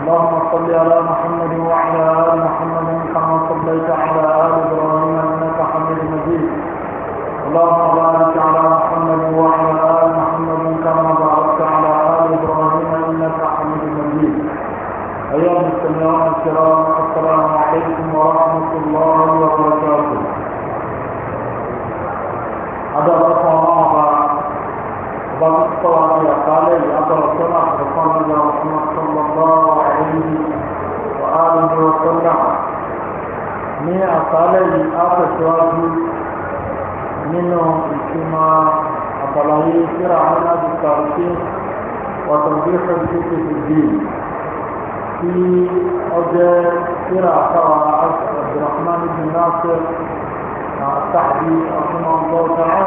اللهم صل على محمد وعلى آل محمد كما صليت على آل إبراهيم إنك حميد مجيد اللهم بارك على محمد وعلى آل محمد كما باركت على آل إبراهيم إنك حميد مجيد أيها المستمعون الكرام السلام عليكم ورحمة الله وبركاته هذا رقم الله أقوى ما يقال أقوى سمع فقال يا محمد صلى الله عليه وآله وسلم ní àtàlẹ́ yìí á tẹ̀síwájú nínú ìtumọ̀ àbàlàyé síra aláàbí kàrùkí wàtàbí kàrùkí tètè tí ọjọ́ síra àtàwà abdulrahman ibn nasir àtàbí ọ̀tún ọgbọ́n tààrà.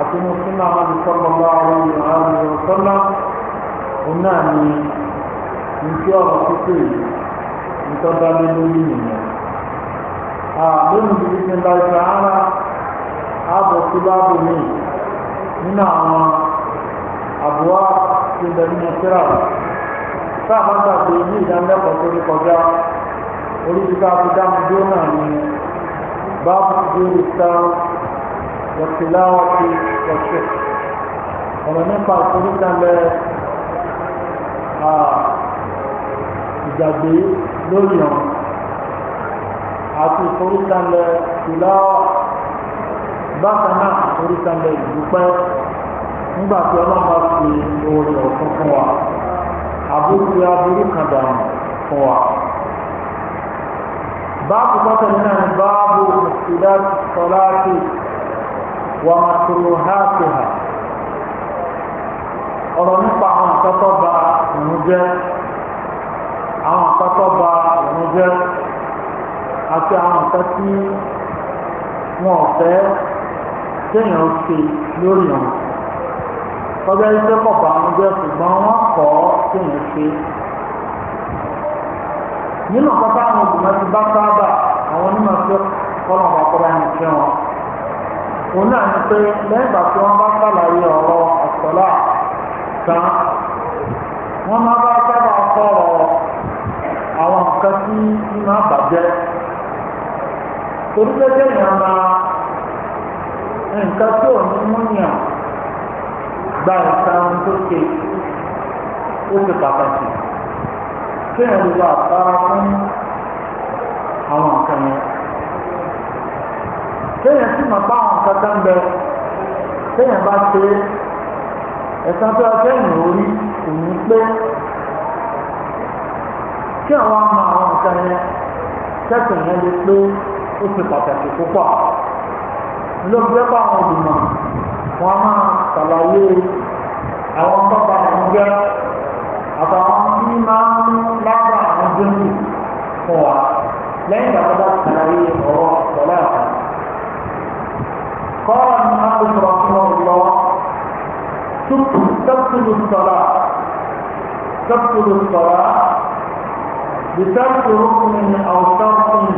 àtinú súnà àbí sọ́kọ̀lá àwọn ìhàmì ọ̀sọ́nà òun náà ni nítí ọ̀rọ̀ pípé nítọ́jà lé lórí nìyẹn. àbẹ́nu bíi ti ń da ìta ara ààbò sí báàbò mi nínú àwọn àbúwá ti ń bẹ síra sáà bá gbàgbé ní ìdánilẹ́kọ̀ọ́ tó rí kọjá orí ti mi dúró náà ni báàbò ti dúró ìta wọ́n ti láwọ́ sí ẹ̀ṣẹ̀ ọ̀rọ̀ nípa ìforíkalẹ̀ ìjàgbé lórí ọ̀run àti ìforíkalẹ̀ ìlà bákan náà ìforíkalẹ̀ ìdúpẹ́ nígbà tí ọlọ́run bá fi oore ọ̀tún fún wa àbúrú aburú kan dànù fún wa. báàbù bọ́tẹ̀ nínú báàbù ìdá sọláàtì wà á kúrò ha kò hà ọ̀rọ̀ nípa àwọn àkọ́kọ́ ba òun jẹ́ àwọn àkọ́kọ́ ba òun jẹ́ àti àwọn nǹkan tí wọn ò fẹ́ kéèyàn ṣe lórí wọn tọ́jà iṣẹ́ pọ̀ bá wọn jẹ́ ṣùgbọ́n wọ́n kọ́ kéèyàn ṣe nínú kọ́kọ́ àwọn ògùnmọ́ ti bá sábà àwọn onímọ̀ tó kọ́ lọ́wọ́ kọ́ bá yẹn fẹ́ wọn òun náà ni pé lẹ́gbà tí wọ́n bá sàlàyé ọ̀rọ̀ àtọ́lá tán wọ́n máa bá sábà sọ̀rọ̀ àwọn nǹkan tí ní máa bàjẹ́ torí pé kéèyàn máa nǹkan tí ò ní múyàn gba nǹkan tó ṣe ó ṣe pàtàkì kéèyàn lè wà fara fún àwọn nǹkan yẹn kéèyàn sì máa bá àwọn kankan bẹ téèyàn bá ṣe ẹ̀sán tó akẹ́yìn orí kò ní pé kí àwọn ọmọ àwọn nǹkan yẹn kẹ́sìn yẹn lè pé ó ṣe pàtàkì púpọ̀ ló ń gbẹ́pọ̀ àwọn ìgbìmọ̀ wọn máa ṣàlàyé àwọn bàbá àwọn jẹ́ àtàwọn tí máa ń lábàá àwọn jẹ́ńdì fún wa lẹ́yìn ìgbà tó bá ṣàlàyé ọ̀rọ̀ قال المؤلف رحمه الله تبطل الصلاة تبطل الصلاة بترك ركن أو شرط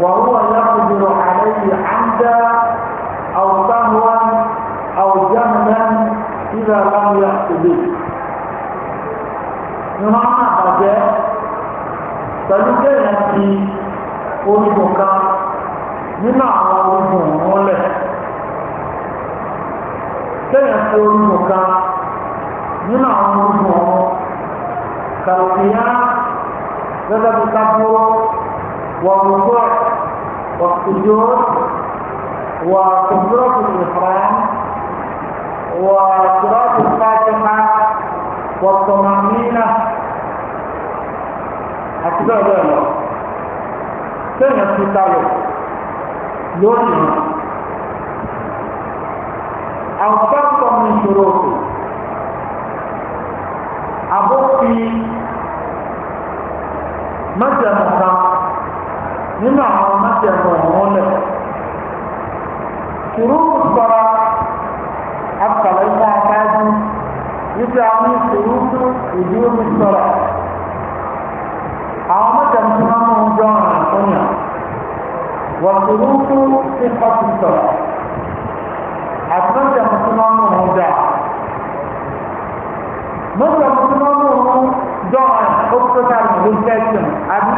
وهو يقدر عليه عمدا أو سهوا أو جهلا إذا لم يقصده ìmọ̀nà àbàjẹ́ pẹ̀lú kéèyàn ti orígun kan nínú àwọn orígun òun lẹ̀ kéèyàn fi orúkọ kan nínú àwọn orúkọ wọn kàlùkìyà gẹ́gẹ́ bí kábúrò wọ̀rùkọ́ wọ̀kùjọ́ وكبرة الإحرام وقراءة الفاتحة والطمأنينة أكثر ذلك كان في طالب يوم او شرط من شروطه ابوكي مجد مقام نمع مجد مهول شروط الصلاة حتى ليس أكاد يتعمل شروط وجود الصلاة عامد امتنام جانا الدنيا وشروط صحة الصلاة ọ̀dà mọ́tò mùsùlùmí ọ̀hún dọ́ọ̀n hospital infection àbí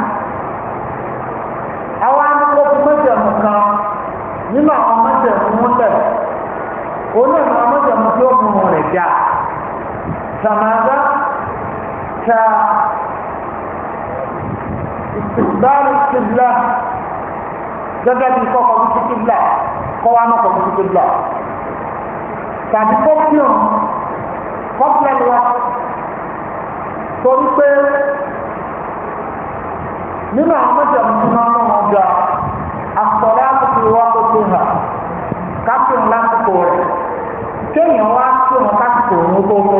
àwọn akókò mọ́tẹ̀mù kan nínú àwọn mọ́tẹ̀mù múlẹ̀ onímọ̀ àwọn mọ́tẹ̀mù tí ó mú rẹ̀ dá sàmàdá ta ìsìgbàlù kìbìlà gẹ́gẹ́ bí kọ́kọ́ bí kìbìlà kọ́wá náà kọ́kọ́ bí kìbìlà tàbí kọ́pìnà kọ́pìnà ni wọ́n torí pé nínú àwọn mẹ́jọ mi máa ń wọn jọ àsọ̀rọ̀ àkókò wa kò tó hàn kápẹ́ọ̀n lásìkò rẹ̀ kéèyàn wá sí wọn lásìkò òun gbogbo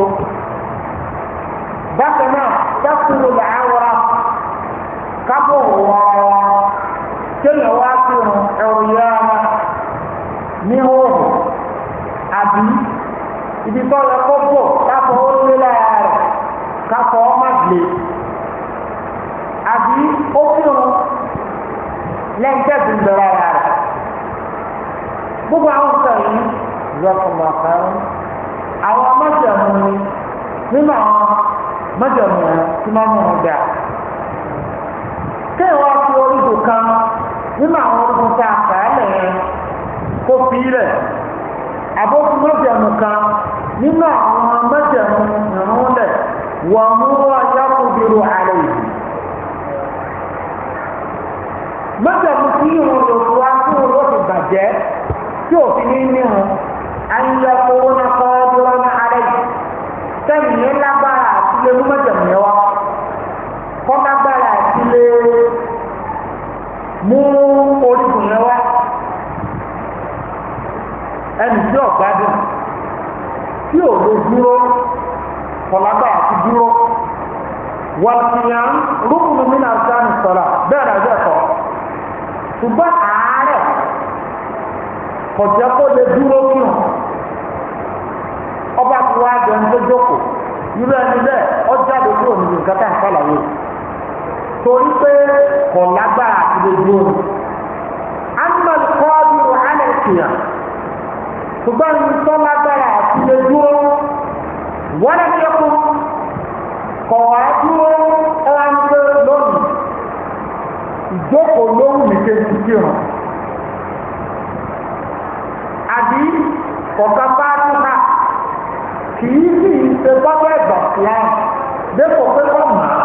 bákan náà dákúrò làárọ̀ kápẹ́ọ̀n wọ̀ kéèyàn wá sí wọn ẹ̀rù yára. àbí ibi tó lọ kó bò káfọ́ ó lé lára rẹ̀ káfọ́ ó má lè àbí ó kírun lẹ́ńtẹ́sì ń bẹ lára rẹ̀ gbogbo àwọn sọ yìí lọ́kùnrin ọ̀kan àwọn mọ́jọ̀mù ni nínú àwọn mọ́jọ̀mù rẹ̀ tí wọ́n mú un dà kéèyàn wá fi orígun kan nínú àwọn orígun tá yẹn kó fi í àbókù mọ́jẹ̀mú kan nínú àwọn mọ́jẹ̀mú ìrún lẹ̀ wọ́n mú ọjọ́kùnrin ààrẹ yìí. mọ́jẹ̀mú tí ìrún lò fún wa tí òun ló fi bàjẹ́ tí òfin ní nírun ayẹyẹ kó wọn kọ́ ọ́ bí wọn ní ààrẹ yìí sẹ́yìn ní lágbára. wàlùfìyàn rúkùnù ní sọlá bẹ́ẹ̀ náà bẹ́ẹ̀ kọ́ ṣùgbọ́n àárẹ̀ kọjá kó lè dúró kùn ọba tí wàá jẹ ń gbẹjọkọ irú ẹni bẹ́ẹ̀ ọjà lè dúró nínú nǹkan jókòó lóhùn nìkejì kírun àbí ọ̀gá bá níta kì í sì í ṣe bọ́bẹ̀ ẹ̀gbà fúláì dépò pé kọ́ mà á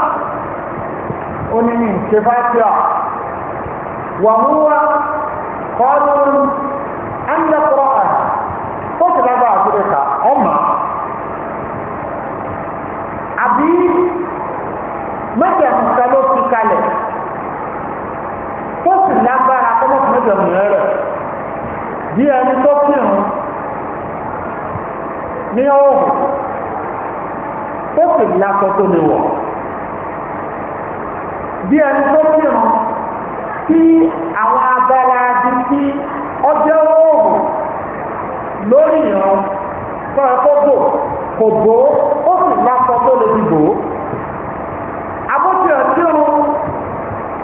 ó ní ní ṣe bá ṣe à wàmúwá kọ́ọ́dún ẹ̀ńdẹ́kọ́rọ́ ẹ̀ tó ti lágbára àdúrà ká ọ̀ mà á àbí mẹ́tẹ̀ẹ̀mùsẹ̀ ló fi kalẹ̀ kó sì lágbára tọ́lọ́pù mẹ́jọ mìíràn rẹ̀ bí ẹni tó kírun ní ọ̀hún kó sì lákọ tó lè wọ̀ bí ẹni tó kírun tí àwọn abala di sí ọjọ́ ọ̀hún lórí ìran kọ́ ẹ kó bò kò bò ó sì lákọ tó lè fi bò ó.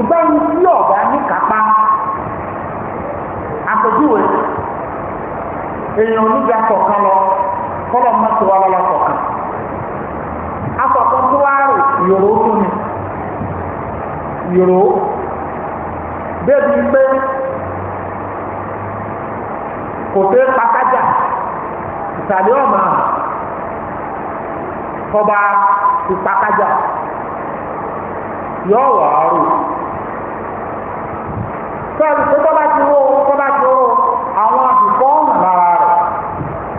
ìbáwọn tí ọ̀gá ní kápá àpèjúwe èèyàn onígbà kọ̀ọ̀kan lọ kọ́lọ̀ mọ́tò wa lọ́la kọ̀ọ̀kan akọ̀kan tó wá rè yòrò tó ni yòrò débi pé kò dé pátájà ìsàlẹ̀ ọ̀mà kọba ìpátájà yọ̀ọ̀ wà á sọ́ọ̀bù tó tọ́ba ti ró tọ́ba ti ró àwọn àdùkọ́ ọ̀hún lára rẹ̀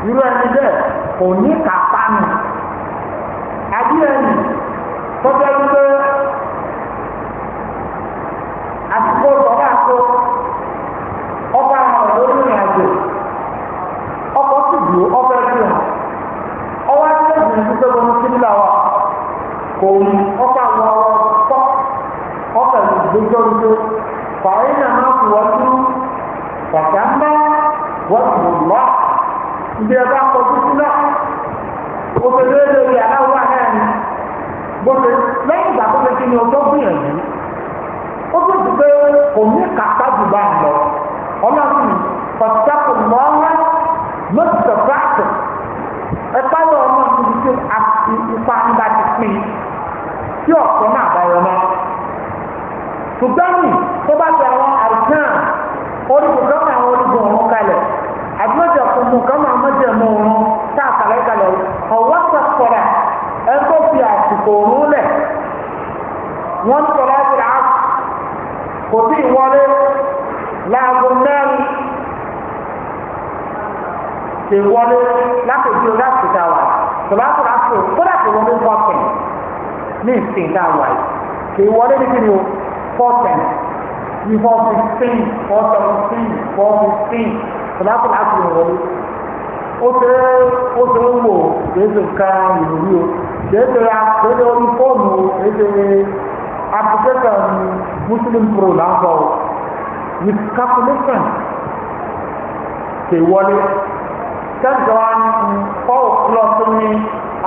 irú ẹni bẹ́ẹ̀ kò ní kápá mi àbí ẹni tó jẹ́ wípé àsìkò ìjọba tó ọba àwọn lórí ìrìn àjò ọkọ̀ sì dùn ọbẹ̀ bí wọn ọwọ́ àti ẹ̀sìn ìdúpẹ́ bọ́mú síbílà wa kò ní ọba àwọn ọ̀rọ̀ tọ́ ọkọ̀ ìgbẹ́jọ́ ìgbẹ́ wọ́dú kàkà ń bá wọ́dú lọ́ ibi ẹ̀ka kọjú sílẹ̀ o fẹ́ lé lórí aláwọ̀ náà ni gbọ́dọ̀ lẹ́yìn ìgbà tó fẹ́ kí ni ọjọ́ gbìyànjú ó tún ti pé kò ní kàkà jù bá lọ ọlọ́run pàtàkì mọ́ọ́lá lọ́sọ̀ fàtò ẹ̀ka lọ ọmọ tuntun àti ìpàǹdà ti pín tí ọ̀pọ̀ náà bá yọ náà. ṣùgbọ́n tó bá ti àwọn àrùkàn orígun máa àwọn orígun ọ̀run kalẹ̀ àbúrò kùnkùn kan máa mọ́jẹ̀ ọrụ tá a kàlẹ́ kalẹ̀ ọ̀wọ́ sọ̀kọ̀rà ẹ tó fi àsìkò òun lẹ̀ wọ́n ń sọ̀rọ̀ rà kò sí ìwọlé láago mẹ́rin ṣe wọlé láti rà kó láti wọlé fọ́ọ̀kì ní ìsìn fourteen ní four sixteen four seventeen four fifteen ṣọláṣọ láti lè wọlé ó ṣe ó ṣe ń wò kéṣe kan ìròyìn o kéṣe kéṣe orí fóònù kéṣe application muslim pro láǹfọ̀ with calculation ṣe wọlé kẹ́ńtọ́ wa ní four o'clock ní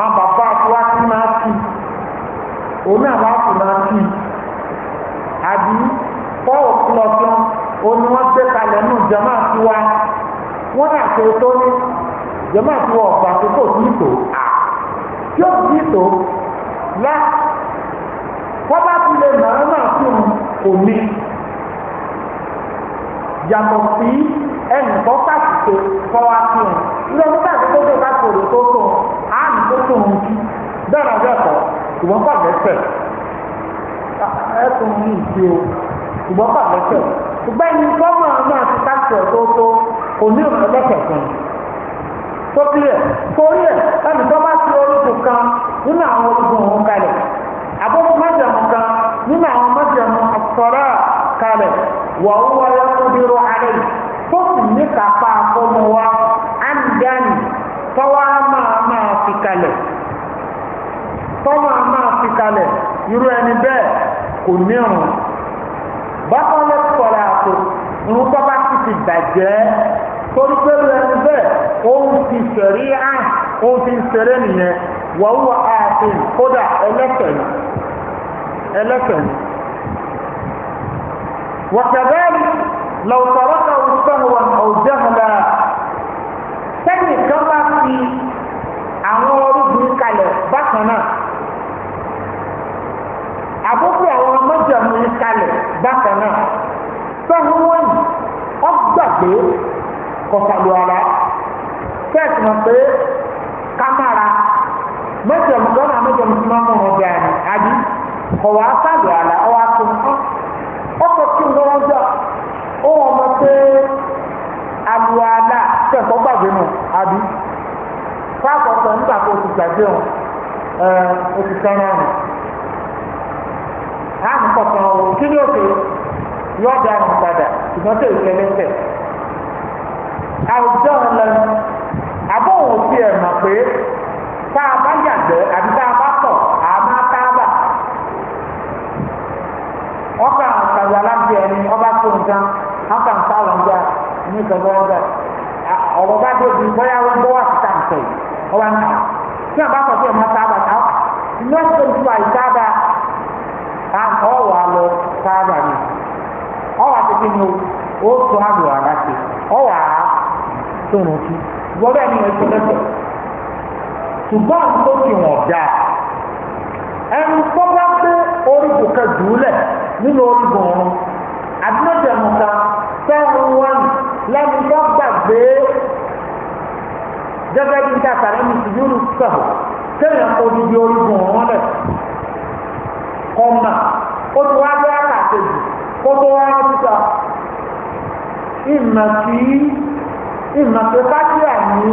àwọn bàbá àti wá sí òun náà wá sí máa kì àbí four o'clock oní wọ́n gbé kalẹ̀ nù jama ti wá wọ́n náà tó tó ní jama ti wọ ọ̀gbà tó tó tí tó à tí ó tí tó lá kọ́bá ti lè màá náà fún un òní yàtọ̀ sí ẹnìkan pàṣẹ kọ́ wá sí un ilé nígbà tó tó tó bá tòrò tó tó àmì tó tó ń kí bẹ́ẹ̀ náà bẹ́ẹ̀ kọ́ ṣùgbọ́n pàṣẹ fẹ́ẹ̀. ẹkùn ní ìdí o ṣùgbọ́n kọ̀ lẹ́sẹ̀ ṣùgbọ́n ẹni tó mọ̀ ọ́n náà ti táàkì ọ̀tọ̀ tó kò ní òkè lẹ́sẹ̀ kan tó kílẹ̀ torí ẹ̀ ẹni tó bá ti orúkọ kan nínú àwọn òun kalẹ̀ àbókù mẹ́jọ̀mù kan nínú àwọn mẹ́jọ̀mù ọ̀sọ̀rọ̀ kalẹ̀ wà ó wáyé kúndínrú alẹ́ tó sì ní kápá wa tọ́wọ́ á máa máa fi kalẹ̀ irú ẹni bẹ́ẹ̀. kò ní ọ̀ràn bákan lè kọ̀ra àpò ń tọ́ba ti ti bàjẹ́ torí pé lẹ́nu bẹ́ẹ̀ òun ti sẹ̀rí à òun ti sẹ̀rẹ̀ nìyẹn wọ́n wọ ààfin kódà ẹlẹ́sẹ̀ ni ẹlẹ́sẹ̀ ni. وكذلك لو تركه سهوا أو جهلا sẹ́nìkan bá fi àwọn orúkún kalẹ̀ bákan náà àkókò àwọn mọ́jàmú kalẹ̀ bákan náà sọ́hún wọ̀nyí ọgbàgbé kọ̀ọ̀kàlù ara fẹ́ẹ̀tì mọ̀ pé kámára mọ́jàmú lọ́nà mọ́jàmú tí wọ́n mú wọn bẹ́ẹ̀ ni àbí kọ̀wá sàlù ara ọwọ́ àti ọkọ̀ tí ń lọ́wọ́ jọ ó wọ́n mọ̀ pé aluala kẹ̀kọ́ gbàgbé nù àbí fáàkọ̀tọ̀ nígbà tó ti gbàgbé wọn ẹ̀ òtítọ́ náà àrùn kọ̀ọ̀kan o kí ni òkè yóò padà ṣùgbọ́n tó ìfẹ́ àwùjọ lẹnu àbọ̀ fi ẹ̀ mọ̀ pé tá a bá yàgbẹ́ àbí tá a bá tọ̀ a ọba tó ọkà ń sáwọn ọjà ní ọjà ọ̀rọ̀ bá bóyá wọn wà síta ọba tí a bá tọ̀ sí ẹ̀ ní ọwọ́ alọ sáábà mi ọwọ́ àtẹ̀tẹ̀ mi ó tó àgbò àdáṣe ọwọ́ àá tó rùn sí gbọ́dọ̀ ní ẹ̀kọ́ lẹ́sẹ̀ ṣùgbọ́n tó ẹnu tó bá gbé orígun nínú wọn gbàgbé bí ọmọ ó ti wá bẹ́ẹ̀ kàtẹ́jù kó tó wá rántí ta ìmọ̀ sí ìmọ̀ tó kájíà ní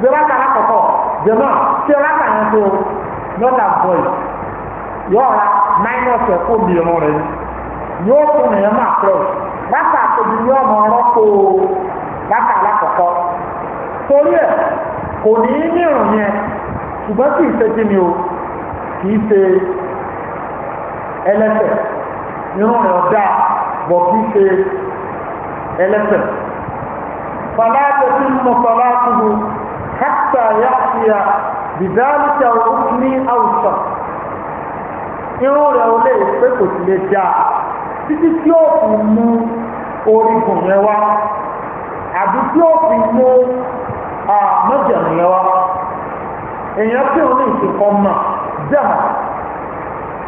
zeraka lákọ̀ọ́kọ́ jẹ̀mọ́ tí ọlọ́kà yẹn tó lọ́dà bọ́ì yọ̀ọ̀ra náírọ̀sì ẹ̀kọ́ mìíràn rẹ̀ yóò fún ẹ̀yẹ́ máa pẹ́ láta àtẹ̀jú ní ọmọ ọlọ́kọ̀ láta lákọ̀ọ́kọ́ torí ẹ̀ kò ní í ní ìrùn yẹn ṣùgbọ́n kì í ṣe kí ni o kì í ṣe ẹlẹ́sẹ̀ irun rẹ̀ ọ̀dà bọ̀ kí ṣe ẹlẹ́sẹ̀. Fàlá hekta àtúndù hàtà yàtìyà bìdáàlìkà ní àwùsọ̀. Irun rẹ̀ ò lè pé kò lè títí tí ó fi mú orígun yẹn wá àbí tí ó fi mú mọ́jẹ̀mú yẹn wá. Èèyàn tí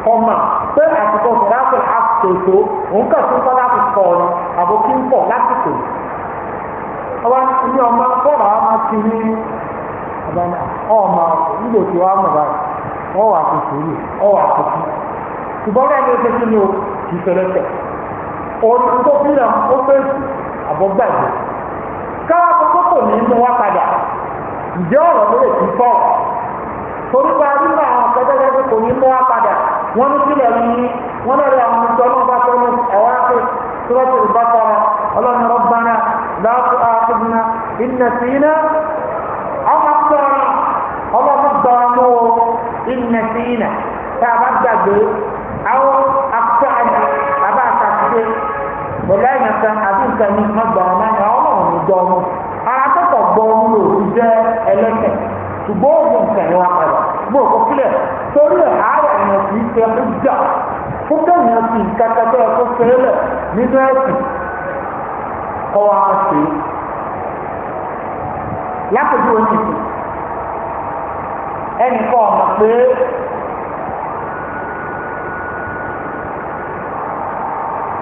Ọma, pé àsìkò sọ̀rọ̀ àtòtò òun kàn tún kọ́ láti kọ̀ ọ̀nà àbò kí ń pọ̀ ọba ní ọmọ bọ́ọ̀lù àwọn máa ti ní ọmọ nígbò tí wàá mọ̀ báyìí wọ́n wà kó ṣùgbọ́n o kì í fẹ́rẹ́ tẹ̀ òun tó ó àbọ̀ gbàgbé káwá kókó kò ní mú wá padà ǹjẹ́ ọ̀rọ̀ wọn ní kílẹ̀ yìí wọ́n lè rí àwọn ìjọ ọba tó ní ẹ̀wá pé sọ́ọ̀tì ìbákọ́ra ọlọ́run rọ́bánà láàpù àkùnrin iná sí iná ọmọ sọ̀rọ̀ ọlọ́run gbọ́mú iná sí iná tá a bá gbàgbé àwọn àbá kan àbí nǹkan ní ẹlẹ́kẹ̀ ṣùgbọ́n ó torí àárẹ̀ yẹn kì í ṣe fún jà fún kẹ́yìn ti kàkà tó ẹ̀kọ́ sílẹ̀ nínú ẹ̀sìn kọ́ wa ṣe lápẹ̀jú oní ìsìn ẹnì kan mọ̀ pé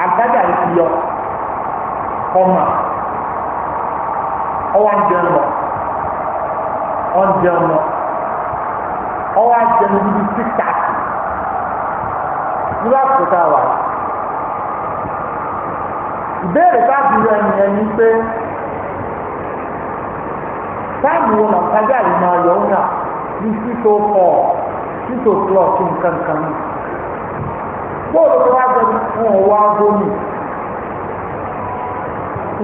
àgbájá rẹ̀ ti yọ ọmọ ọwọ́ ń jẹun lọ ọ̀ ń jẹun lọ ọwọ́ àjẹmí bíi six thirty nígbà tó ká wà. ìbéèrè káàkiri ẹni ẹni pé táàmù wo nà kájà yìí máa yọ ọ́ nà ní six oh four six oh four kí nǹkan kan ní. bóòlù tó wá jẹ fún ọwọ́ agbóni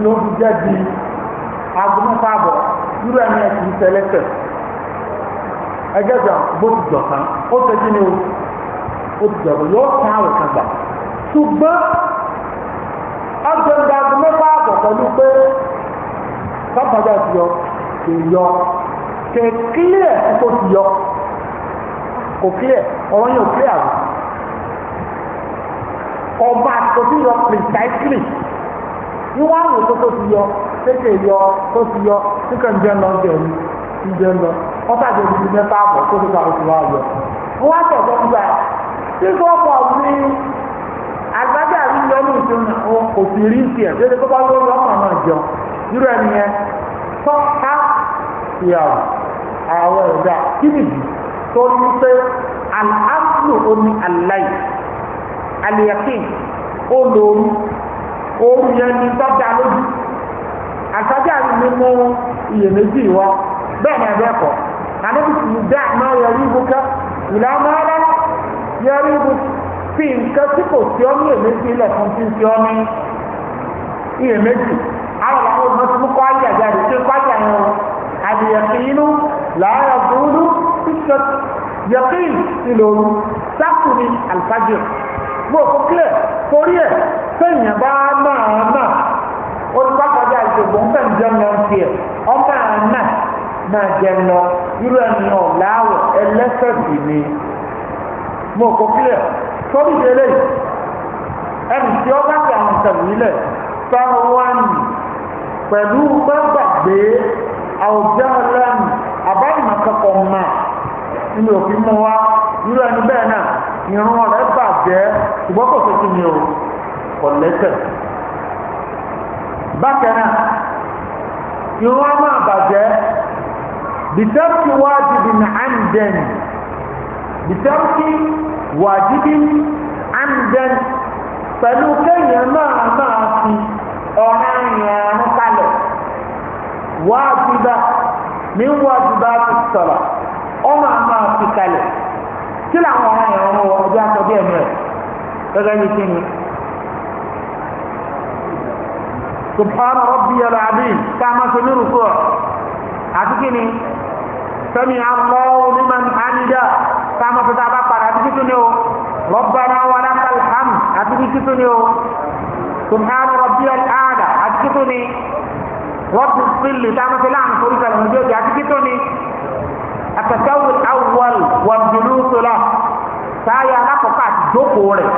ló ń jẹ́ di agbóni fáàbọ̀ irú ẹni ẹ̀sìn tẹ́lẹ̀tẹ̀ ẹgẹ́sà bó ti jọ̀tán ó tẹ́jú ni ó ti jọ̀tán yóò tán àwẹ̀ kan gbà ṣùgbọ́n ọ̀gbẹ̀dà mẹ́fà àbọ̀ pẹ̀lú pé sábàjá ti yọ kè yọ kè kílẹ̀ kó ti yọ kò kílẹ̀ ọ̀rọ̀ yóò kílẹ̀ àwẹ̀ ọba kò sí yọ pìrìsáìkìlì wíwá àwòkó tó ti yọ kéèké yọ tó ti yọ kíkàn jẹ́ lọ bẹ̀rù ń jẹ́ lọ ọ̀tá àti òbí ti mẹ́fà àbọ̀ tó ti pàrọ̀ sí wa yọ. wọ́n wá sọ̀ ọ̀dọ́ gbígbà tí gbọ́pọ̀ ní àgbájá mi lọ ní ìṣúná kò sì rí sí ẹ̀ dédé tó bá lórí ọkàn náà jẹun irú ẹni yẹn tọ́ ká ìyàwó àwọn ẹ̀dá kí nìdí tó ní pé àlùfáàlù omi àláì àlìyàkín ó lóoru yẹn ní tọ́jà lójú àgbájá mi mú iyèméjì wọ bẹ́ẹ̀ ni ẹ bẹ́ẹ̀ anabi dá ma yẹrí buka ìlà máa lọ yẹrí bu fi nǹkan tí kò sí ọmọ èméjì ilẹ̀ fún ti sí ọmọ ìyèméjì àwọn làwọn ọmọ tó kọ́ ayé àjáde tó kọ́ ayé àwọn àdìyẹ̀kì inú làárọ̀ gbúdú títọ́ yẹ̀kì ìlòrú sáfù ní àlùfáàjì mo kò kílẹ̀ torí ẹ̀ fẹ̀yìn bá máa náà ó ti bá kọjá ìṣègùn fẹ̀yìn jẹun náà tiẹ̀ ọmọ náà máa jẹun lọ irú ẹni náà láàwọ̀ ẹlẹ́sẹ̀ sì ni mo kọ kílẹ̀ tóbi délé ẹni tí ó bá gbà àwọn tẹ̀lé nílẹ̀ sọ́run wá nì pẹ̀lú gbàgbàgbé àwùjọ lẹ́nu àbáyìmọ̀ kankan mọ̀ nínú òfin mu wa irú ẹni bẹ́ẹ̀ náà ìrún rẹ̀ bàjẹ́ ṣùgbọ́n kò sókè ni o kò lẹ́sẹ̀. bákan náà ìrún á máa bitarki wajibin amdan bitarki wajibin amdan pẹ̀lú kéèyàn máa máa fi ọ̀rẹ́ yẹn ń kalẹ̀ wájibá ní wájibá ti sọ̀rọ̀ ọ máa máa fi kalẹ̀ kí làwọn ọ̀rẹ́ yẹn ń wọ ọjọ́ àtọ́jú ẹ̀mí ẹ̀ gẹ́gẹ́ bí kí ni. subhana rabbi yàrá àbí ká máa ṣe ní rúkú ọ̀ àti kí ni sami allahu liman hamida sama tó tá a bá padà àti ni o oh. rabbana wa lakal hamd àti títún ni o oh. subhana rabbiyal aala àti títún ni rọ́bì sílì sama tó láàmú sórí kalẹ̀ ní ojú àti títún ni àtàkàwé awwal wà bìlú sọlá saya nak àti jókòó rẹ̀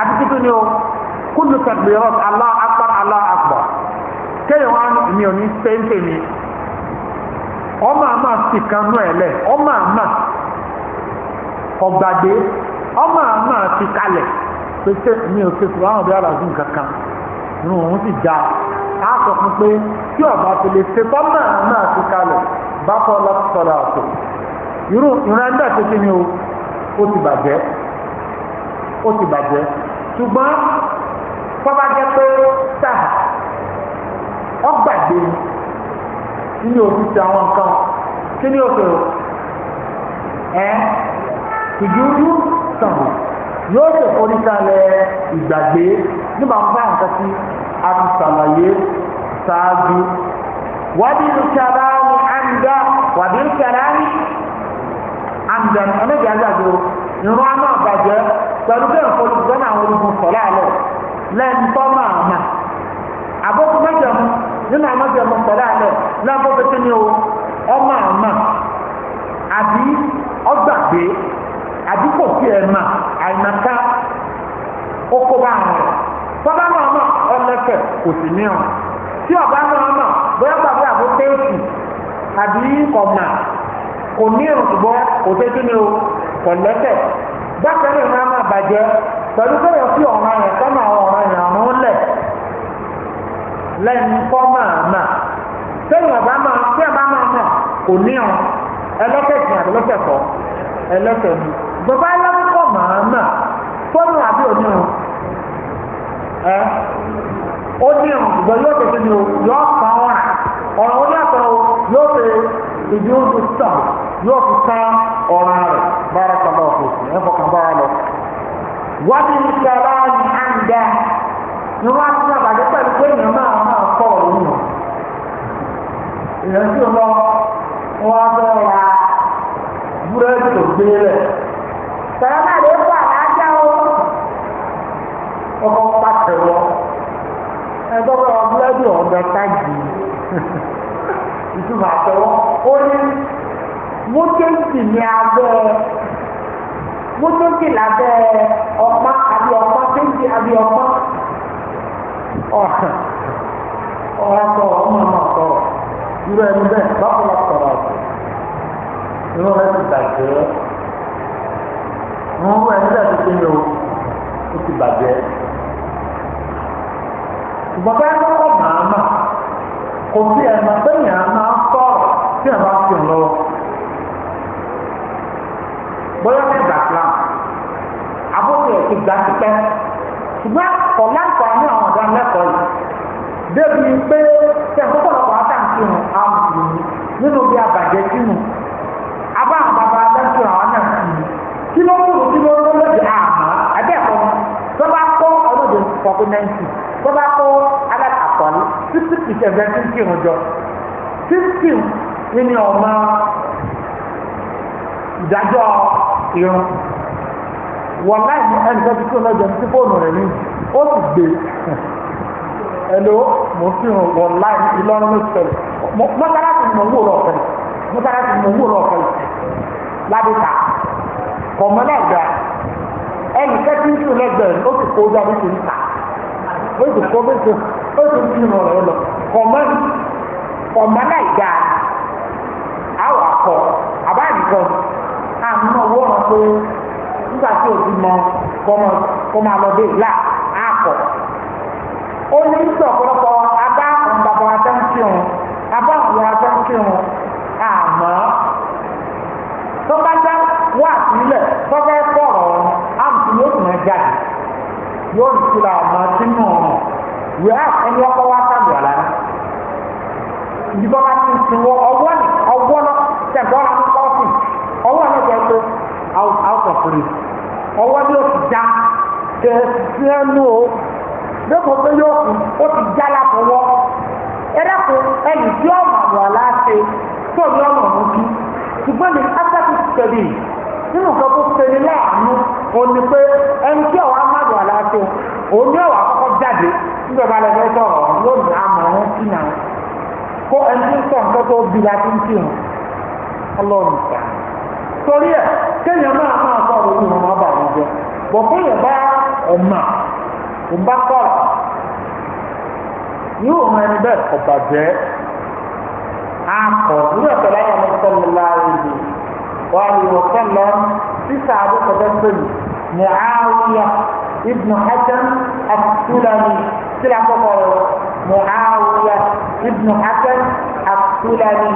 àti títún ni o kúndùkàgbé rọ́bì allah akbar allah akbar kéèyàn wá mi ò ní sẹ́ńtẹ̀ ọmọ àmà sì kan nú ẹ lẹ ọmọ àmà ọgbàdé ọmọ àmà ti kalẹ̀ pété mi ò fi fún àwọn ọ̀dọ́ àràzù kankan nù òun sì já a sọ fún pé tí ọba ti lè ṣe bọ́mọ àmà ti kalẹ̀ bá fọ́ lọ́sọ̀rọ̀ àpò irú ìran náà ti kí ni o ó ti bàjẹ́ ó ti bàjẹ́ ṣùgbọ́n tọ́ba jẹ́ pé sáà ọgbàdé ni nínú òfin ti àwọn nǹkan kí ni òfin o ẹ ìdúdú sàǹbò yóò ṣe foríkalẹ̀ ìgbàgbé nígbà ń bá nǹkan tí a ti ṣàlàyé ṣáájú wàbí ìṣàlá ni àǹdá wàbí ìṣàlá ni àǹdá ẹlẹ́gbẹ̀ẹ́ àgbàdo ìrún àmọ́ àbàjẹ́ pẹ̀lú bẹ́ẹ̀ foríkalẹ̀ àwọn olùkọ́ sọ̀rọ̀ àlọ́ lẹ́ńtọ́ máa mà àbókù mẹ́jọ mú nínú àmọ́jọ ọmọ pẹ̀lú àlẹ́ náà bọ́ pé ní o ọmọ àmà àbí ọgbàgbé àbí kò sí ẹ̀ mà àìmọ̀ká ó kó bá àwọn rẹ̀ tọ́ba náà mọ̀ ọlẹ́fẹ̀ kò sí ní ọ̀ tí ọba náà mọ̀ bóyá gbàgbé àbó téèkì àbí kọ̀mà kò ní ìrùsùgbọ́ kò tẹ́tí ní o kò bákan náà máa bàjẹ́ pẹ̀lú kẹ́yọ̀ sí ọ̀ràn yẹn sọ́nà ọ̀ràn yẹn àrùn lẹ̀ lẹ́nu kọ́ máa mà sẹ́yìn ọ̀bá máa tí ọ̀bá máa mà kò ní ọ ẹlẹ́sẹ̀ sìn àti ẹlẹ́sẹ̀ kọ́ ẹlẹ́sẹ̀ ni bàbá lẹ́nu kọ́ máa mà fọ́nù àbí òní ọ ẹ ó ní ọ ṣùgbọ́n yóò yóò fà ọ̀rọ̀ ó ní yóò tẹ ìdí yóò fi ká ọ̀rọ̀ rẹ̀ bára ọ̀fọ̀ lọ. wọ́n ti ń sọ ni wọ́n á ti pẹ̀lú pé èèyàn máa kọ̀ọ̀rọ̀ nù èèyàn tó lọ wọn á fẹ́ ra búrẹ́dì tó gbé lẹ̀. sọ̀rọ̀ náà lè fọ àlàájá o. ọkọ̀ pàṣẹ wọ ẹgbẹ́ wọn búrẹ́dì ọ̀dọ̀ táàgì ìtumọ̀ àtẹwọ́ ó ní mọ́tẹ́ǹtì ní abẹ́ mọ́tẹ́ǹtì lábẹ́ ọ̀pá àbí ọ̀pá péńtì àbí ọ̀pá ọkọ ọmọ ọmọ ọkọ irú ẹni bẹ́ẹ̀ bákọlá sọ̀rọ̀ ọ̀sẹ̀ irú rẹ ti bàjẹ́ wọn wọ ẹni bẹ́ẹ̀ tuntun yìí o ó ti bàjẹ́ ṣùgbọ́n báyìí kọ́kọ́ màámà kò sí ẹ̀ma sẹ́yìn àmà sọ̀rọ̀ tí ẹ̀ bá fi ń lọ bóyá ní ìgbà kan àbókè ẹ̀ ti gbà ti pẹ́ ṣùgbọ́n kọ̀ láǹkọ̀ ní àwọn yìí débi pé tẹ̀kọ́tà ọ̀pọ̀ àtàkùn àwọn mùsùlùmí nínú bí abàjẹ́ sínú abá àbàbà abẹ́sùn àwọn náà sí i kí ló kúrò kí ló ló lòdì àmọ́ ẹgbẹ́ ẹ̀kọ́ wọn tó bá kọ́ ọlọ́dẹ fọ́kú náìtì tó bá kọ́ alákàtọ́lé fifty percent bẹ́ẹ̀ fifty ọjọ́ fifty nínú ọmọ ìdájọ́ irun wọ́n láì ní ẹnì kan tó tó lọ́jọ́ sí fóònù rẹ̀ ní ó sì gbé ẹ̀lò mo fi hàn wọ̀n láì ìlọrin ló ṣẹlẹ̀ mọ́sálásí ni mo wò lọ ọ̀fẹ́ mọ́sálásí ni mo wò lọ ọ̀fẹ́ ládìta kọ̀mọ́ lẹ́gbẹ̀ẹ́ ẹnì kẹ́tí ń sùn lẹ́gbẹ̀ẹ́ ó sì kó ojú àbí sùn níta ó sì kó bí sùn ó sì fi hàn rẹ̀ lọ kọ̀mọ́ kọ̀mọ́ lẹ́gbẹ̀ẹ́ àwọ̀ àkọ́ àbáyìnkan àmọ́ wọ́n rọ pé nígbà tí òbí mọ kọ́mọ kọ́mọ àlọ́ bẹ́ẹ̀ láà ó ní sọ ọ̀pọ̀lọpọ̀ abá àwọn bàbá àtẹ́ǹtì wọn abá àwọn àtẹ́ǹtì wọn àmọ́ tó bá dá wà sílẹ̀ tó fẹ́ pọ̀rọ̀ àmì yóò tún ẹ jáde yóò ní kí la ọmọ sínú ọmọ wíwá ẹni ọkọ wa sábà lá ìdìbò bá ti sùn wọ ọwọ́ ni ọwọ́ náà tẹ̀gbọ́n náà ń kọ́ sí ọwọ́ náà jẹ́ pé out of reach ọwọ́ ni ó ti dá o dókòó pé yóò kú ó ti já lápọ̀wọ́ ẹ̀rẹ́kùn ẹnì tí ó mà wà láṣẹ tó ní ọmọ mú kí ṣùgbọ́n ní ásákì tẹ̀lé nínú nǹkan tó tẹ̀lé láàánú òun ni pé ẹni tí ọ̀wá má wà láṣẹ òun ní ọ̀wá kọ́kọ́ jáde níjọba lẹ́gbẹ́ sọ̀rọ̀ lónìí àmọ̀ wọn kí náà kó ẹni tí ń sọ nǹkan tó bí la ti ń kí wọn ọlọ́run ìta torí ẹ̀ kéèyàn máa máa sọ̀rọ̀ òun ọmọ ọba àwọn bọ̀ fún ìyẹn bá ọmọ kò bá kọ̀rọ̀ yóò mọ ẹni bẹ́ẹ̀ kọ̀ bàjẹ́ akọ̀ nínú ẹ̀kọ́ láyé ọmọ sọ́mi láàrin yìí wọ́n á yọ sọ́lọ́ sísá àdókò bẹ́ẹ̀ pè mí Muawiya ibnu Hasan as-Sulami sílẹ̀ àkọ́kọ́ rẹ̀ Muawiya ibnu Hasan as-Sulami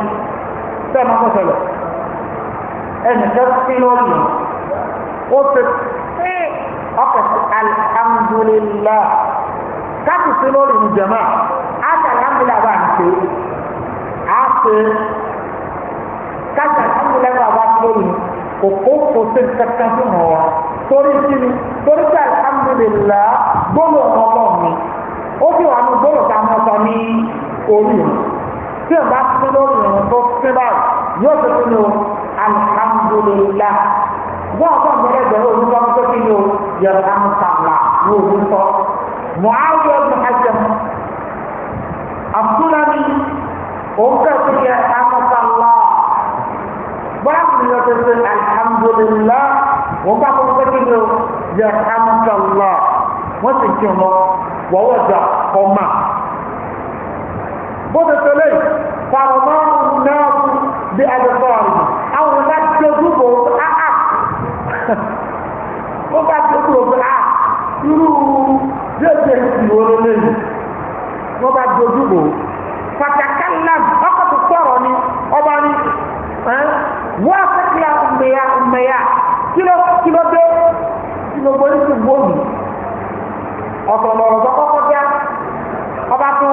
sẹ́ẹ̀ máa kọ́ sọ̀rọ̀ ẹnì kẹ́kẹ́ lọ́ọ̀nù ó ti ọkẹsì alhamdulillah káàkiri sí lórí ìjẹmọ àti alhamdulillah bá ń ṣe á ṣe káàkiri alhamdulillah bá ń ṣe lórí kòkó kò sí kankan fún ọ torí kíni torí pé alhamdulillah gbólò ọlọ́run mi ó fi wà ní gbólò tá a mọ ní orí tí o bá sí lórí ìrìn tó sí báyìí yóò tó kí ni o alhamdulillah bọ́ọ̀ bá bẹ̀rẹ̀ bẹ̀rẹ̀ òun bá ń pẹ́ kí ni o yẹ àǹfààní ní òun sọ. Mùhàwí ọ̀gbìn Hajjam Àfúnàmí òun fẹ́ kí yẹ àǹfààní. Bọ́lá mi lọ sí ṣe alhamdulilá òun bá kọ́ pẹ́ kí ni o yẹ àǹfààní. Wọ́n sì kí wọn wọ́wọ́ jà ọmọ. Bó ti tẹ̀lé faramahu náà bí adé bọ́ọ̀lù àwọn ìlànà tó dúró á kàn ó bá tó kúrò pé a ah, irú déédé ìwò lélẹ́yìn wọ́n bá dojú bò ó pàtàkàlà ọkọ̀ tó sọ̀rọ̀ ni ọba ni wọ́n fẹ́kìlá mẹ́yà mẹ́yà kíló kíló dé kíló borí ti gbóòmù ọ̀tọ̀ lọ̀rọ̀ tó kọ́kọ́ dá ọba tó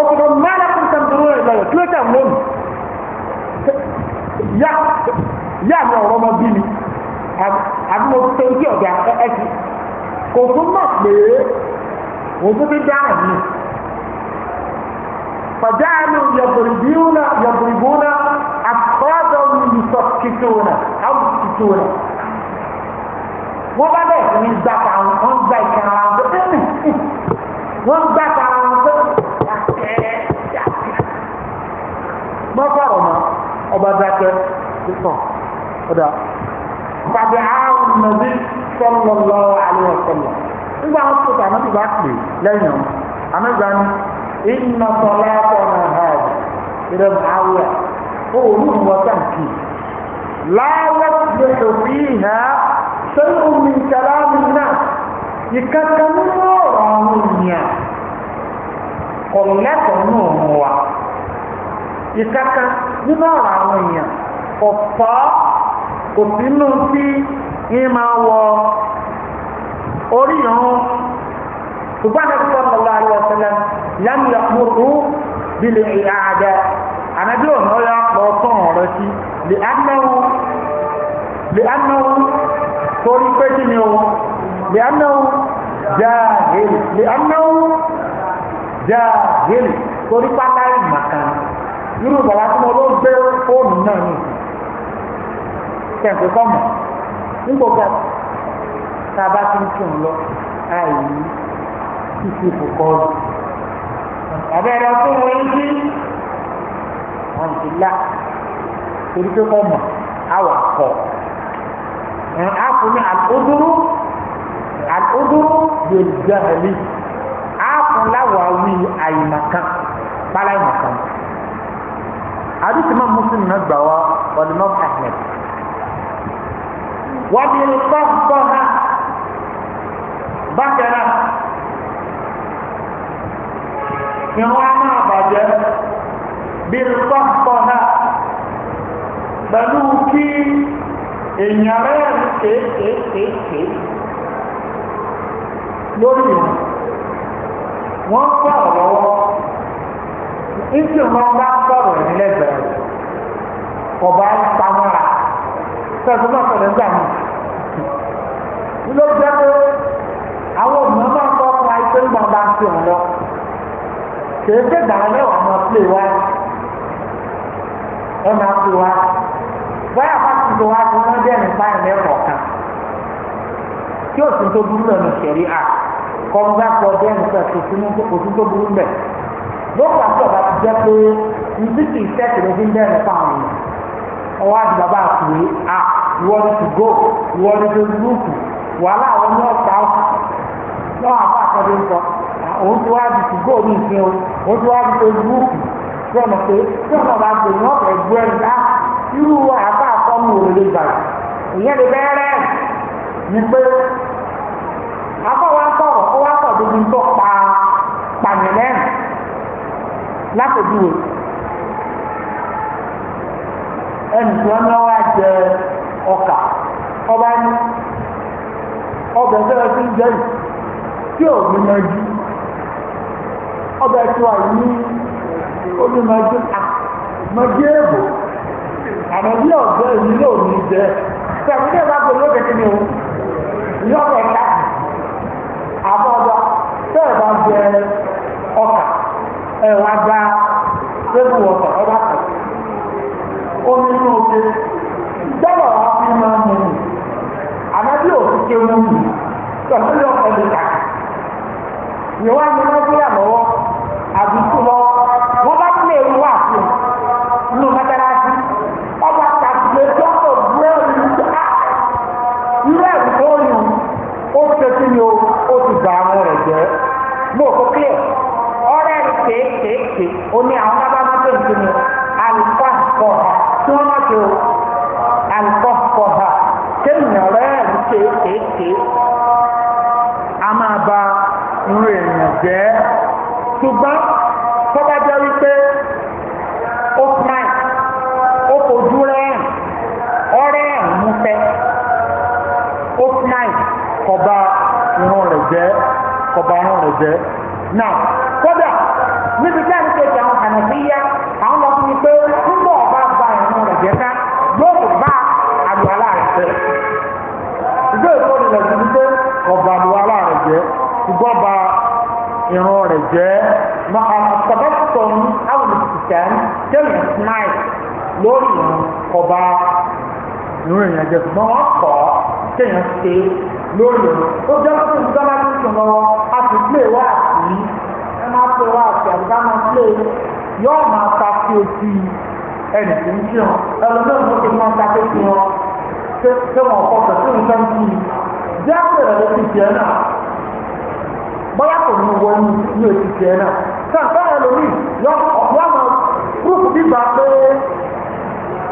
òkùnkùn mẹ́lẹ̀ fún sẹ́ńtúrú rẹ̀ lọ́yọ̀ kíló tẹ̀ mọ́mù yá yá mi ọ̀rọ̀ ọmọ bí mi àbí mo ṣe ojú ọ̀gá ẹ̀ẹ́dì kò tún mọ̀ pé òun tó fi dáhùn mi. فجعلوا يضربون يضربون أفرادهم يسكتون أو يسكتون wọ́n bá bẹ̀rẹ̀ sí ní gbà ká wọ́n gbà ìka ara wọn pé wọ́n gbà ká ara wọn pé mọ́kàrọ̀ mọ́ ọba dákẹ́ sísọ ọ̀dà tàbí àwọn nàbí sọlọlọ àlùwà sọlọ nígbà wọn tó tàbí bá pè lẹ́yìn ọmọ àmẹgbà ni ìnà sọlá tọnà ha ìrẹ àwùrà ó olú wọn sàǹkì láwọ tiẹ òfin ìhà sẹ́yìn omi ìkàlá mi náà ìkàkà nínú ọ̀rọ̀ àwọn ènìyàn kọlọlẹtọ nù ọmọ wa ìkàkà nínú ọ̀rọ̀ àwọn ènìyàn ọ̀pọ̀ kò sínú tí yín máa wọ orí ìrún ṣùgbọ́n Ànábì sallallahu alaihi wasallam lam ya'murhu bil i'ada ànábì ọ̀nà ọ̀yà pọ̀ tán ọ̀rọ̀ sí lè ánáwó lè ánáwó torí pé kí ni o lè ánáwó jáàgéèlì lè ánáwó jáàgéèlì torí pátá ìmàkàn irú bàbá tí mo ló gbé fóònù náà nìyí tẹ̀sí kọ́mù nígbòkọ́ tá a bá ti ń tún lọ àìní títí kòkó rù àbẹ̀rẹ̀ fún wọn yín sí wọn ti la torí pé kọ́mù àwọ̀ kọ̀ á fún mi àkódúró àkódúró yóò jẹ́ ẹ̀lí á fún láwọ̀ awí àyìnbàkan kpala àyìnbàkan àdìsí máa mú sí nínú ẹgbàá wa ọ̀dùnmọ́ ahmed wàbíyẹn kọ́kọ́ ha bákan náà ìwọ́n á máa bàjẹ́ bíi kọ́kọ́ ha pẹ̀lú kí èèyàn rẹ̀ kéékèèké lórí wọn wọ́n fà lọ́wọ́ ìsìn wọn bá sọ̀rọ̀ nílẹ̀ bẹ̀rẹ̀ ọba ń pamọ́ra sọ̀rọ̀ tó bá sọ̀rọ̀ ń gbà mí. ló àwọn ọmọ máa ń kọ́ pa ẹgbẹ́ ńgbà lọ kèé pé dàrẹ́ wà máa pè wá ẹ báyà bá ti tó wá tó wọ́n jẹ́ nípa ẹ̀mí ẹ̀kọ́ kan tí òsì tó burú lọ ní sẹ̀rí à jẹ́ nípa òsì tó burú àti ọ̀gá ti jẹ́ pé wàhálà àwọn ní ọ̀tá náà àbá àkọ́dé ń bọ̀ òun tó wá di tìgó mi fi hàn òun tó wá di facebook tí ọ̀nà pé tí ọ̀nà bá gbé ní ọ̀fẹ́ gbé ẹ̀ ńlá ah, irú àbá àkọ́mù òun lè gbà ìyẹn lè bẹ́ẹ̀rẹ̀ ni pé akọ́wá sọ̀rọ̀ ó wá sọ̀rọ̀ débi tó pa pàmìlẹ́rìn látòjúwe ẹnì tí wọ́n náwó àjẹ ọkà ọba ní ọbẹ̀ tẹ́lẹ̀ tí ń jẹ́ tí ò mẹ́jú ọbẹ̀ tí wà ní onímọ̀jú mọ̀jú èbò àmọ́ bí ọ̀bẹ yìí ló ní jẹ tẹ̀wé ní ìbá gbòòrò kékeré ni o ní ọbẹ̀ ká àbọ̀dọ̀ tẹ́ẹ̀ bá jẹ ọkà ẹ̀ wá gba tẹ́bù irun rẹ̀ jẹ́ mọ̀kàtàbọ̀tò àwọn ìsìkẹ́ni jẹ́mi smile lórí ọba irun èèyàn jẹ́ ṣùgbọ́n wọ́n kọ́ kéèyàn ṣe lórí ọ̀rọ̀ ó jẹ́ pé ìjọba máa ń sùn lọ́wọ́ a sì pè wá àti ẹ máa pè wá àti àgbà máa pè yóò máa ta sí etí ẹnì tí ń sùn ẹlòmíràn ló ti máa ta sí etí wọn ṣé wọn kọ́ pẹ̀lú nǹkan bíi jẹ́ àpẹẹrẹ ló ti náà òun wọ ní òsì tiẹ̀ náà sáà báyọ̀ lómi yọ ọ̀pọ̀ àmọ́ gúrúùpù gbígbà pé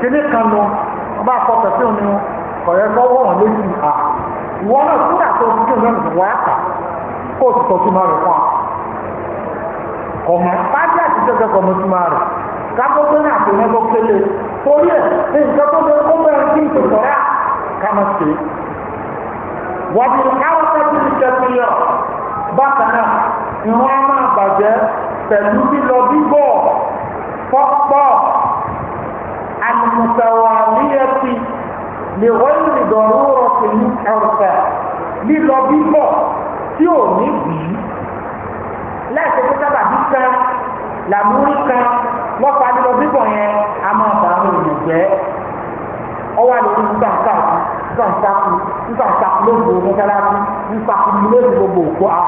kíní kan nu ọba àkọ́kọ̀ sí òun ọ̀rẹ́ fọwọ́ hàn lójú à ìwọ náà kúrò àti oṣù tí òun náà wọ́n kà kó o ti tọ́ sí máa rẹ̀ fún wa ọmọ pàdé àtijọ́ kẹ́kọ̀ọ́ mọ́ sí máa rẹ̀ kápẹ́ pé ní àpò yẹn bọ́ torí ẹ̀ ní nǹkan tó bẹ kí n tó bákan náà ìran á máa bàjẹ́ pẹ̀lú lílọ bíbọ̀ fọ́pọ̀ àlùmùsàwàlíyẹ̀tì lè wọ́n ìdọ̀rọ̀ rọ̀ pẹ̀lú ẹ̀rọ̀fẹ̀ lílọ bíbọ̀ tí ò ní bì í láìsí pé sábàbí kan làmúrí kan lọ́fà lílọ bíbọ̀ yẹn a máa bàá rìn ìrìn jẹ́ ọwọ́ àlè orí gbàǹkà yìí nígbà ntakú nígbà ntakú ló ń bo mọ́sálásí ntakú ló ń bo bò kó a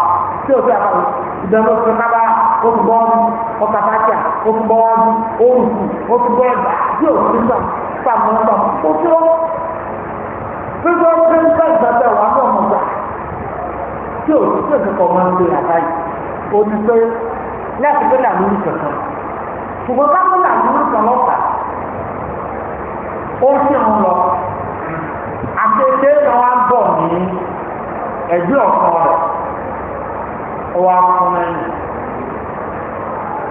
tí o fi àpá o ìdánwò fún kábà ó fi bọ́ọ̀lù ọ̀kàfàjà ó fi bọ́ọ̀lù òrùkù ó fi bọ́ọ̀lù tí o fi gbà fà mọ́ ọ́ o tí o fi gbọ́ pé nígbà ìgbàgbọ́ wà á bọ̀ mọ́ gbà tí o tí o fi kọ̀ máa ń gbé àbá yìí o ní pé láti gbé làlúrí kankan ṣùgbọ́n ká akéde náà wá bọ̀ ní ẹgbẹ́ ọ̀kan rẹ̀ ọwọ́ akọ́nà yìí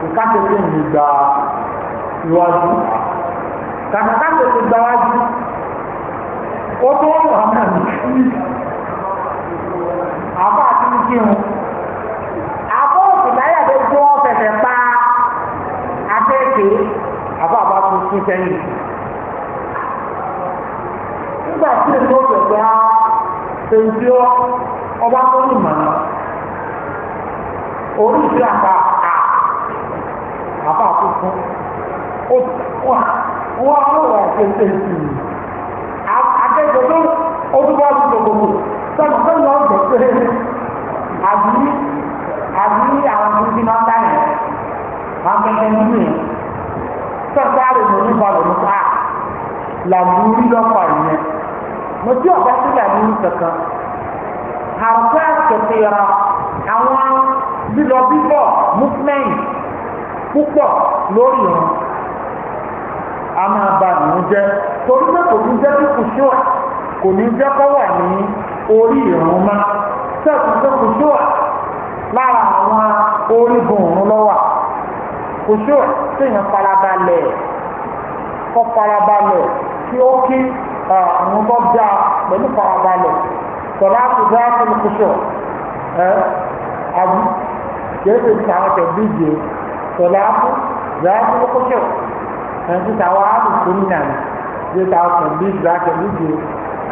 ìkásẹ̀tẹ̀ yìí gba iwájú kàkàkásẹ̀tẹ̀ gba iwájú ó tó ń wà náà ní àti kí tó gbọ́ pa àbá tó sẹ́yìn. nígbà tí èso ọ̀gbẹ̀gbẹ̀ á èyí ọ ọba tó ní ìmọ̀ náà orí ìṣe àpá à àpá àkókò ó wà wọ́n á lọ́wọ́ àkéńté sí i akẹ́kọ̀ọ́ tó ó tún bá ti gbogbo sọ́nà sọ́nà ọ̀gbẹ̀ pé àbí àbí àwọn tó ti máa ń dáyà máa ń kẹ́kẹ́ nínú yẹn sọ́nà sáré lórí balùwẹ̀ pa làbúrí lọ́pàá yẹn mọ̀tí ọ̀gá sílẹ̀ ní kankan àrùkọ́ àkẹ́kẹ́ yọrọ àwọn lílọ bíbọ̀ movement púpọ̀ lórí wọn a máa ba nìyẹn jẹ torí pé kò ní jẹ́ kíkù ṣúà kò ní jẹ́ kọ́ wà ní orí ìrún má sẹ́ẹ̀kù tó kù ṣúà lára àwọn orígun òun lọ́wà kù ṣúà téèyàn farabalẹ̀ kọ́ farabalẹ̀ kí ó kí àwọn tó dá pẹ̀lú farabalẹ̀ sọ̀rọ̀ àtúntà fún kúṣọ̀ ẹ̀ àbí kéèké ti àwọn tẹ̀lé ìjẹ sọ̀rọ̀ àtúntà fún kúṣọ̀ ẹ̀ ti tàwọn àtúntò nìyàn ti tàwọn tẹ̀lé ìjẹ tẹ̀lé ìjẹ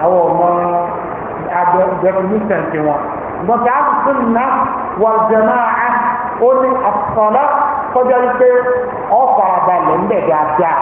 àwọn ọmọ àjọ definition ti wọn. gbọ̀dọ̀ àtúntò nìyà wal jamaa ó ní àtúntò náà kọjá wípé ọ̀ farabalẹ̀ ń bẹ̀ dáadáa.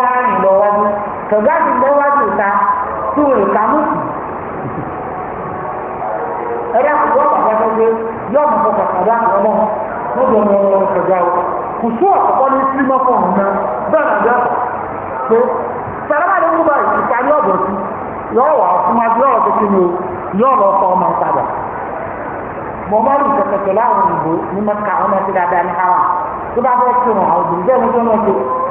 kọ̀gá ti gbọ́ wájú ìta tí wọ́n ìka mú sí. ẹ̀rọ àkùkọ bàbá tó gbé yóò mọ̀ fọkàn kọ̀gá ọmọ mo dùn mọ́ ọmọ kọ̀gá o kò sí ọ̀kọ̀kọ́ ní sílímọ́ fọ̀hún náà bẹ́ẹ̀ náà bẹ́ẹ̀ pé sàrámà ló mú báyìí ìka ní ọ̀dọ̀ sí yóò wà fúnma yóò tó ni o yóò lọ fọ ọmọ ìpadà mọ̀ mọ́ ní ìkẹ̀kẹ̀kẹ̀ láwọn òyìnbó ní mẹ́ka ọmọ ti dáadáa ní hawa tó bá fẹ́ kí wọn àwọn òbí bẹ́ẹ̀ ni tó náà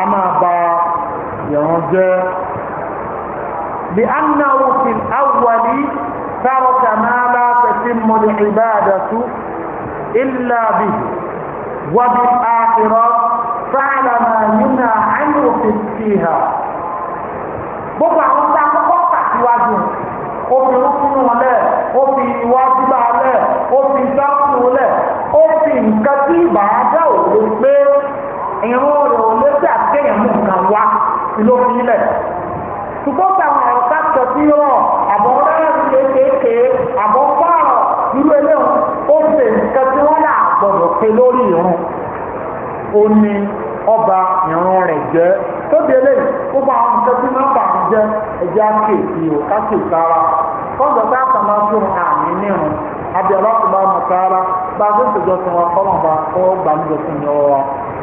a máa ba ìrun bí máa bá tẹ̀sí máa nínà gbogbo àwọn tá fi o fi iwájú bá o fi sáfù o fi nǹkan tí lè gbé irun àti kéèyàn mú nǹkan wá ló fi lẹ̀. ṣùgbọ́n táwọn ọ̀rọ̀ ká sọ sí rọ̀ àbọ̀ rárá ti kéékèèké àbọ̀ fáàrọ̀ irú eléyìí ó ṣe nǹkan tí wọ́n là gbọ́dọ̀ pé lórí ìrun ó ní ọba ìrun rẹ̀ jẹ́ tóbi eléyìí ó bá àwọn nǹkan tí máa ń bà ń jẹ ẹ̀jẹ̀ àkèéfì ò káṣíkára kọ́ńtà bá àtàmá fún àmì nírun abiyalá kò bá mọ̀ sára bá a tó ṣèjọ́ fún wa kọ́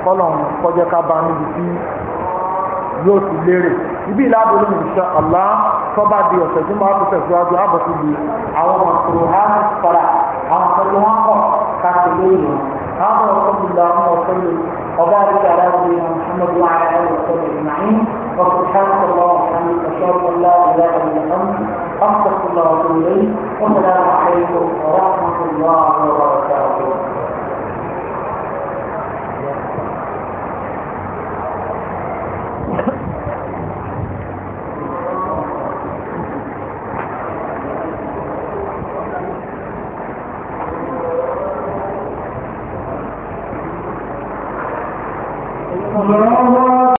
kọ́lọ̀n kọjá ká bá níbi tí yóò ti lérè ibi ìlàbọ̀lù mi sọ ọ̀la tọ́ba di ọ̀sẹ̀ tí wọ́n á tẹ̀sẹ̀ síwájú àbọ̀ sí di àwọn ọ̀sọ̀rọ̀ hàn fara àwọn ọ̀sọ̀rọ̀ wọn kọ̀ káàkiri lóyún هذا وصلى الله وسلم وبارك على نبينا محمد وعلى اله وصحبه اجمعين وسبحانك اللهم وبحمدك اشهد ان لا اله الا انت استغفرك الله واتوب اليك والسلام عليكم ورحمه الله وبركاته